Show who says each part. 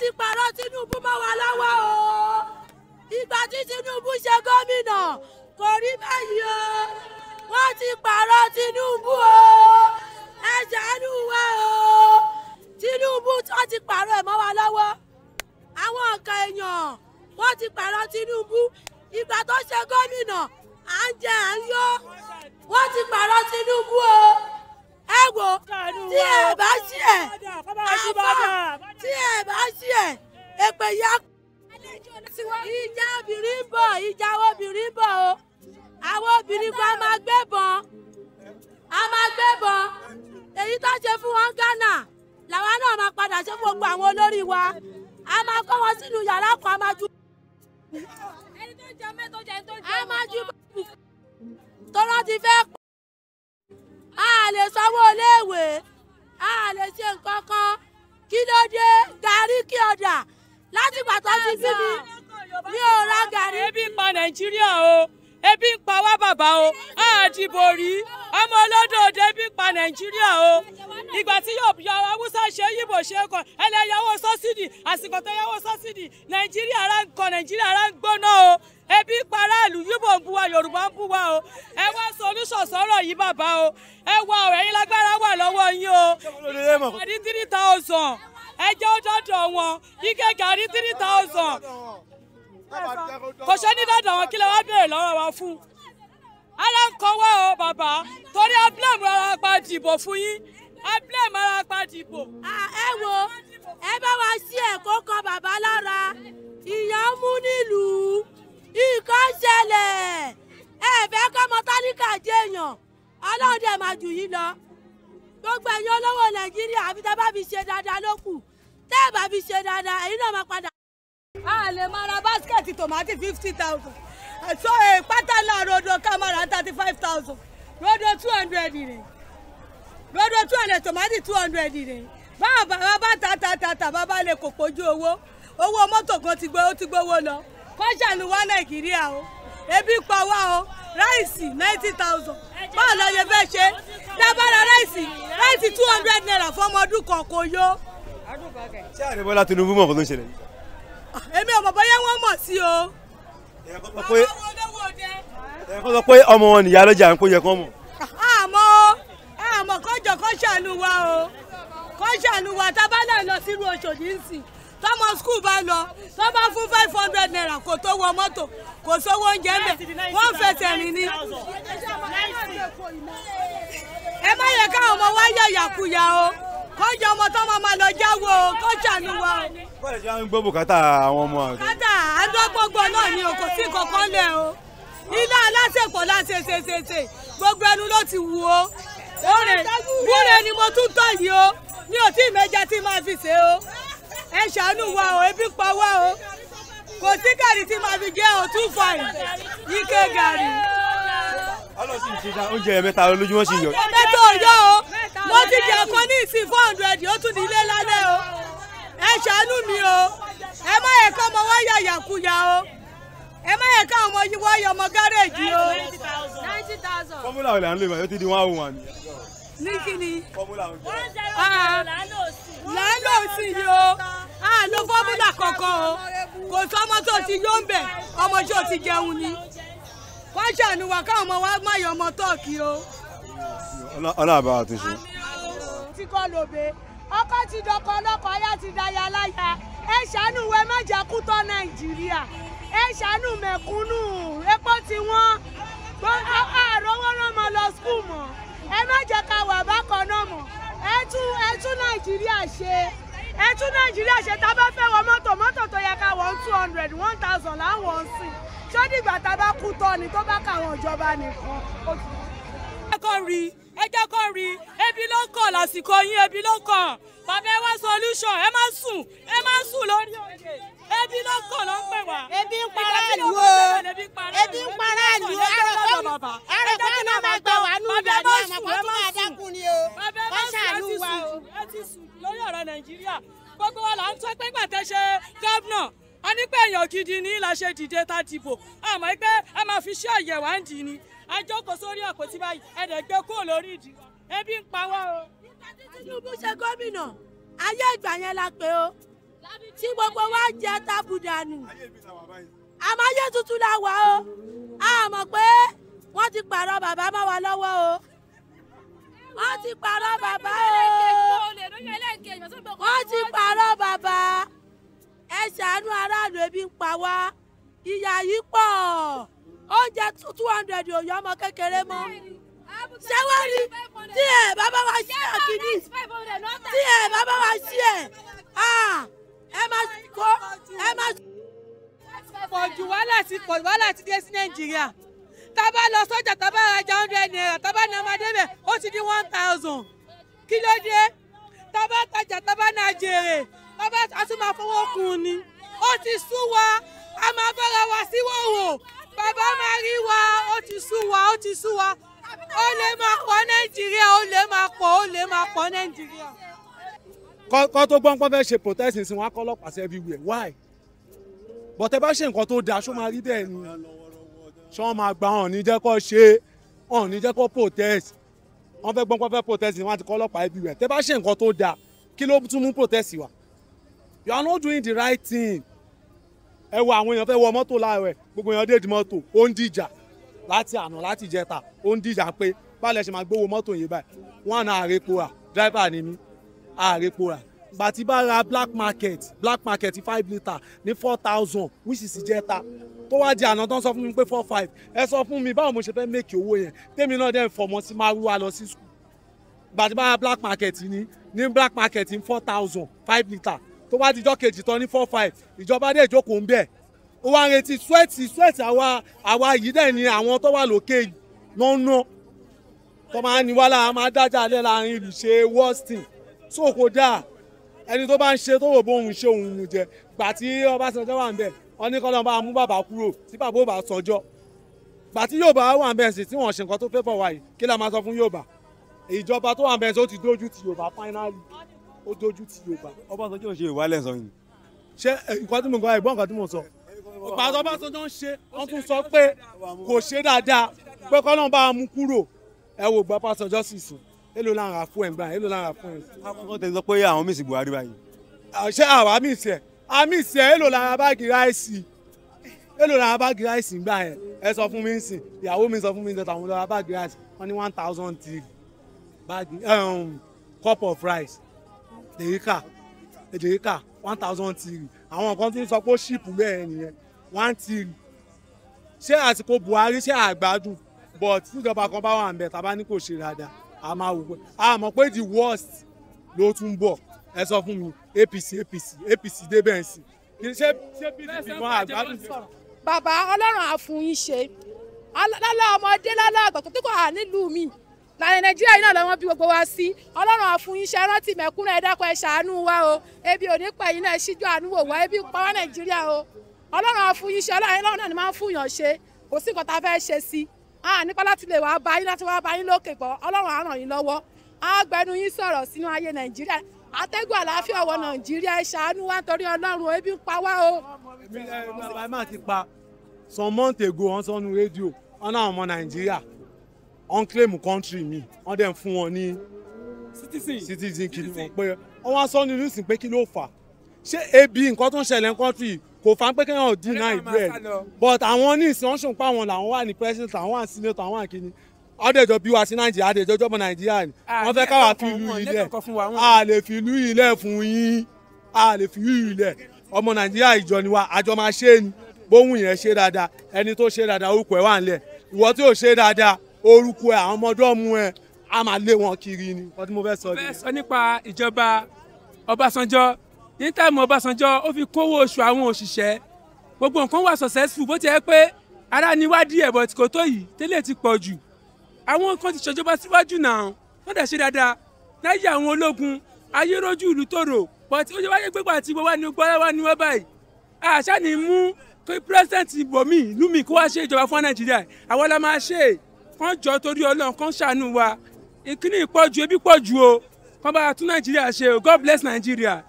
Speaker 1: ti pààrọ̀ Tinubu mọ́ wa lọ́wọ́ o ìgbà tí Tinubu ṣe gómìnà kò rí báyìí o wọ́n ti pààrọ̀ Tinubu o ẹ ṣàánú wa o Tinubu wọ́n ti pààrọ̀ ẹ̀ mọ́ wa lọ́wọ́ àwọn nǹkan èèyàn wọ́n ti pààrọ̀ Tinubu ìgbà tó ṣe gómìnà à ń jẹ à ń yó wọ́n ti pààrọ̀ Tinubu o ẹ wo tí ẹ bá ṣí ẹ àfà tí ẹ bá ṣí ẹ èpè ya. ìjà obìnrin ń bọ̀ ìjà obìnrin ń bọ̀ o àwọn obìnrin kan máa gbébọn a máa gbébọn èyí tó ṣe fún wọn Ghana làwa náà máa padà ṣe fún gbogbo àwọn olórí wa a máa kọ́ wọn sínú yàrá kan a máa ju. ẹni tó jẹ mẹ́tọ́ jẹ ẹni tó jẹ mọ́tò. a máa ju bọ́ọ̀lù tọ́lọ́ ti fẹ́ pọ̀ sanwó iléèwé a lè ṣe nǹkan kan kí ló dé gàrí kí ọ̀dà látìgbà tó ti bí mi mi ò ebi ń pa nàìjíríà o ebi ń pa wá bàbá o a dìbò rí ọmọ olódò débi pa nàìjíríà o ìgbà tí haúsá ṣe yíbò ṣe kàn ẹlẹ́yàwó sọ́sídì àsìkò tó yàwó sọ́sídì nàìjíríà ara ń kọ nàìjíríà ara ń gbóná o ebi paráàlú yíbò ń bú wa yorùbá ń bú wa o ẹ wá solution sọ̀rọ̀ yìí bàbá o ẹ wá ọ̀rọ̀ ẹ̀yin lágbára wà lọ́wọ́ yín o ìgbàdí three thousand ẹ jẹ́ ó dọ́dọ̀ wọn ike gàdí three thousand kò ṣe ní dọ́dọ̀ wọn kí lè wá béèrè lọ́rọ̀ wa fún ara ń o bàbá torí ablẹ́mù ara pa dìbò fún yín ablẹ́mù ara pa dìbò. ẹ wo ẹ bá wa sí ẹ̀kọ́ kan bàbá lára ìyá mú nílùú nǹkan ṣẹlẹ̀ ẹ fẹ́ kọ́ mọ́tálíkà jẹ́ èèyàn ọlọ́run dẹ̀ máa jù yín lọ gbogbo ẹ̀yin olówó nàìjíríà àfi tá a bá fi ṣe dáadáa ló kù tẹ́ ẹ bá fi ṣe dáadáa èyí náà máa padà. a lè máa ra báskẹ̀tì tòmátì fifty thousand so eh, pátánà rodo camara thirty five thousand rodo two hundred rè rodo two hundred tomati two hundred rè Baba Baba bá ta ta ta ta bàbá lè kò pójú owó owó mọ́tò kan ti gbé ó ti gbówó lọ kọ́ṣà ni wá nàìjíríà o ebi pa wa o ráìsì ninety thousand Ba lọ yẹ fẹ́ ṣe dábàrà ráìsì ráìsì two hundred naira fọmọ ọdún kan kò yó. ṣé
Speaker 2: àrẹ bọ́lá tinubu mọ̀ bó ló ń ṣẹlẹ̀
Speaker 1: yìí. èmi ò mọ̀ bóyá wọ́n mọ̀ sí o ẹ̀kọ́
Speaker 2: sọ pé ọmọ wọn nìyá lọ́jà ń kó yẹ kán mọ̀.
Speaker 1: àmọ́ àmọ́ kọjọ kó ṣàánú wa o kó ṣàánú wa tá a bá náà lọ sírú Òṣòdì ń tọmọ skul bá lọ tó bá fún five hundred naira kò tó wọ mọ́tò kò sówó oúnjẹ ń bẹ̀ wọ́n fẹsẹ̀ rìn ni. ẹ má yẹ káwọn ọmọ wa yẹ yàkuyà o kọjọ ọmọ tọmọ máa lọ jáwọ́ o kó ṣàánú wa o. bọ́ọ̀lù
Speaker 2: ṣe ń gbọ́ bùkátà àwọn ọmọ àgbẹ̀.
Speaker 1: bùkátà lọ́gbọ́gbọ́ náà ni kò sí kankan lẹ̀ o ilé aláṣepọ̀ láṣeṣeṣeṣe gbogbo ẹnu ló ti wù ó òrè wúre ni mo tún tọ̀ yìí o mi ò tí ì tí máa fi ṣe o ẹ ṣàánú wa o ebi pa wá o kò sí gàrí tí máa fi jẹ́ o two five ike gàrí.
Speaker 2: oúnjẹ mẹ́ta lójúmọ́ sí yọ.
Speaker 1: mẹ́ta ò o mo ti jẹ́ kan ní ìsìn four hundred ó tún ní lálẹ́ o ẹ ṣàánú mi o ẹ má yẹ kó ọmọ wọn yọ yàkuyà o ẹ má yẹ káwọn ọmọ yìí wọ́n yọ ọmọ gárèjì o. ninety thousand. fọ́múlà
Speaker 2: olè à ń lè báyọ̀ ti di one
Speaker 1: oh ni. ní kíni. fọ́múlà olè. one zero zero lánàá òsì. lánàá òsì yìí o a lo fọ́múlà kankan o kò sọ ọmọ tó ti yó ń bẹ̀ ọmọ tó ti jẹun ni wọ́n ṣàánú wa káwọn ọmọ wa má yọ ọmọ tọ́ọ̀kì o.
Speaker 2: ọlọ́àbá àtúnṣe.
Speaker 1: ti kọ́ lóbe ọkọ ti dọkọ ọlọ́kọ aya ti daya láya ẹ ṣàánú wẹ má kú tọ́ nàìjíríà ẹ ṣàánú mẹ̀kúnnù epo ti wọ́n gbọ́dọ̀ àròwọ́ náà mọ̀ lọ skul mọ̀ ẹ má ká wà bákan náà mọ̀ ẹ tún ẹ tún nàìjíríà ṣe ẹ tún nàìjíríà ṣe tá a bá fẹ́ wọ mọ́tò mọ́tò tó yẹ ká wọ́n two hundred one thousand láwọn sìn ṣó dìgbà tá a bá kú tọ́ ni tó bá kà wọ́n ìjọba nìkan. ẹ kọ́ rí i ẹ jẹ́ kó rí ebi ló ń kàn lásìkò yín ebi ló ń kàn bàbá ẹ wá solution ẹ má sùn ẹ má sùn lórí oyè ebi ló ń kàn ló ń pè wá. ebi ń para ìlú o ebi ń para ìlú o àròkọ́ náà máa gbà wá nù ìyá ní àmọ́ kó tó máa dákun ni o wọ́n ṣàánú wa o. ẹ ti sùn lórí ọ̀rọ̀ nàìjíríà gbogbo wa là ń sọ pé gbàtẹ́ ṣe gómìnà a ní pé èèyàn gidi ní la ṣe dìde ta dìbò àmọ́ pé a máa fi ṣe àyẹ̀wò à ń dì ní a jókòó sórí àpótí báyìí ẹ̀dẹ̀ gbé kúrò lórí ìdí ebi ń pa wá o. nígbà tí Tinubu ṣe gómìnà ayé ìgbà yẹn la pé o tí gbogbo wa jẹ tábùdànù àmáyé tuntun la wà o a mọ̀ pé wọ́n ti pààrọ̀ bàbá mọ́ wa lọ́wọ́ o wọ́n ti pààrọ̀ bàbá o wọ́n ti pààrọ̀ bàbá ẹ ṣàánú aráàlú ebi ń pa wá ìyà yìí pọ̀ oúnjẹ two hundred òyìn ọmọ kékeré mọ́ ṣé wọ́n rí tí ẹ̀ bàbá wa ṣí ẹ̀ kìíní tí ẹ̀ bàbá wa ṣí ẹ̀ ah, ẹ má kó ẹ má. pọ̀jù wàhálà ti pọ̀jù wàhálà ti dé sí nàìjíríà tá a bá lọ sọ́jà tá a bá rajà hundred naira tá a bá na ọmọdé bẹ̀ ó ti di one thousand kí ló dé tá a bá tajà tá a bá na jèrè tá a bá a máa fowó kún ni ó ti sú wa a máa bára wa síwòwò ẹ bá máa rí wa ó ti sú wa ó ti sú wa ó lè máa pọ̀ nàìjíríà ó lè máa pọ̀ ó lè máa pọ̀ nàìjíríà.
Speaker 2: kọ́ tó gbọ́n pọ́n fẹ́ ṣe protest sí wọn akọ́ sí everywhere why but ẹ bá ṣe nǹkan tó dáa ṣó máa rí bẹ́ẹ̀ ni ṣé wọ́n máa gba ọ̀nì jẹ́ kó ṣe ọ̀nì jẹ́ kó protest wọ́n fẹ́ gbọ́n pọ́n fẹ́ protest sí wọn àti kọ́ everywhere tẹ́ bá ṣe nǹkan tó dáa kí ló tún mú protest wá you are not doing the right thing ẹ wo àwọn èèyàn fẹ́ wọ mọ́tò láàárọ̀ ẹ̀ gbogbo èèyàn déèdì mọ́tò ó ń dìjà láti àná láti ìjẹta ó ń dìjà pé báàlẹ̀ ṣe máa gbowó mọ́tò yìí báyìí wọ́n àná àrèpo rà dráìvà ni mí àrèpo rà gbàtí bá ra black market black market five litre ní four thousand which is ìjẹta tó wá di àná tó ń sọ fún mi pé four five ẹ sọ fún mi báwo mo ṣe fẹ́ mèkì owó yẹn tèmi náà dẹ́n fọmọ sí márúwá lọ sí skul gbàtí bá ra black market ni ní black market ní four thousand five litre tó bá dijọ́ kejì tán ní four five ìjọba dé ìjókòó ń bẹ̀ ó wá ń retí sweat sweat àwa àwa yìí dẹ̀ ni àwọn tó wà lókè náà ná tó máa ní wàhálà máa dájà alẹ́ láàrin ìlú ṣe wọ́ọ̀sìn tó kò dáa ẹni tó bá ń ṣe tó rò bó òun ṣe òun jẹ gbà tí Ọbásanjọ́ wà ń bẹ̀ wọ́n ní kọ́lọ́ bá mú bàbá kúrò tí bàbá ò bá sanjọ́ gbà tí Yorùbá wà ń bẹ̀ sí tí wọ́n ṣe nǹkan tó fẹ́ fọ̀ wáyé kí la máa sọ fún Yorùbá ìjọba tó wà ń bẹ̀ sí ó ti dójú ti Yorùbá finally ó dojú ti yorùbá. ọbásanjọ́ ń ṣe yorùbá lẹ́sàn yìí. ṣé eh, nǹkan tí mo gbọ́ ẹ̀gbọ́n nǹkan tí mo sọ. pàtó ọbásanjọ́ ń ṣe wọ́n tún sọ pé kò ṣe dáadáa pé kọ́ náà bá a mú kúrò ẹ wò gba pásánjọ́ sì sùn èló lára fún ẹ̀ ń gbà èló lára fún ẹ̀. akọ́kọ́ tẹ̀ sọ pé àwọn míì sì buhari báyìí. ṣé àwa míì sẹ̀ àmì ìsẹ̀ èló lára báàgì ráìsì èló lára báàgì ráìsì ń gbà ẹ̀ ẹ sọ fún mi ń sìn ìyàwó mi sọ fún mi ń sọ tàwọn lára báàgì ráìsì wọ́n ní one thousand three báàgì um, cup of rice dèrèkà dèrèkà one thousand tiri àwọn nǹkan tí ń sọ pé ó ṣìpù bẹ́ẹ̀ nìyẹn one tiri ṣé àsìkò Buhari ṣe àgbádùn but tíjọba kan bá wà ń bẹ tàbá ní kò ṣe dáadáa a máa wò pé a mọ̀ pé the worst ló tún bọ̀ ẹ sọ fún mi APC APC APC débẹ̀ ń sìn kì í ṣe ṣé PDP kan àgbádùn.
Speaker 1: bàbá ọlọ́run àfùn yín ṣe lálẹ́ ọmọdé lálẹ́ àgbà tó kọ́ à nílùú mi nàlẹ́ nàìjíríà yìí náà lọ́wọ́ bí gbogbo wa sí ọlọ́run àfún iṣẹ́ rántí mẹ́kúnrẹ́ ẹ dákun ẹ ṣàánú wa o ebi ò ní pẹ̀yìn náà ṣíjú àánú wò wá ebi pa wá nàìjíríà o ọlọ́run àfún iṣẹ́ ọlọ́run náà ni máa ń fún yàn ṣe kò sí nǹkan tá a fẹ́ ṣe sí a nípa láti lè wá bá yín láti wá bá yín lókè pọ̀ ọlọ́run á ràn yín lọ́wọ́ á gbẹnu yín sọ̀rọ̀ sínú ayé nàìjíríà atẹ́gùn àlàáfíà wọ nàìjíríà ẹ ṣàánú wa nítorí ọlọ́run ebi ń pa wá o.
Speaker 2: Eh, ẹ máa ti pa some months ago wọn sọnu rédíò ọ náà ọmọ nàìjíríà wọ́n claim country mi wọ́n dẹ̀ ń fún wọn ní citizen citizen kìíní wọn pé wọ́n wá sọ ní nísìnyí pé kí ló fà ṣé ebi nǹkan tó ń ṣẹlẹ̀ country kò fà ń pé kéèyàn deny ìlú ẹ̀ but àwọn ní ìsìn wọ́n ṣùnpá wọn làwọn wà ní president àwọn wà ní senator àwọn àkíní àdèjọ bí wa sí nàìjíríà àdèjọ jọmọ nàìjíríà ni wọ́n fẹ́ káwa fi ìlú yìí lẹ̀ a lè fi ìlú yìí lẹ̀ fún yín a lè fi ìlú yìí lẹ̀ ọmọ nàìjíríà ìjọ ni wa àjọ máa ṣe é ni bóhùn yẹn ṣe dáadáa ẹni tó ṣe dáadáa orúkọ ẹ̀ wà ń lẹ̀ ìwọ tí ò ṣe dáadáa orúkọ ẹ àwọn ọmọdé ọmú ẹ a máa lé wọn kiri ni ọdún mo fẹ́ sọ ni. mo sọ nípa ìjọba Ọbásanjọ́ ní táìmù Ọbásanjọ́ ó fi kówó oṣù àwọn òṣìṣẹ́ gbogbo nǹkan wà successful bó ti yẹ pé ara ni wá díẹ̀ bọ̀ tí kò tó yìí tẹ́lẹ̀ ti pọ̀ jù àwọn nǹkan ti ṣèjọba síwájú náà wọ́n dẹ̀ ṣe dáadáa láyé àwọn ológun ayérójú ìlú tòrò bọ̀ tí ó ṣe wáyé pípa àti gbogbo wa gbọ́dọ̀ wá ní wọ́n báyìí kán jọ torí ọlọ́run kán ṣàánú wa ìkíní ìpọ̀jù ebi pọ̀jù o kán bá tún nàìjíríà ṣe o God bless Nigeria.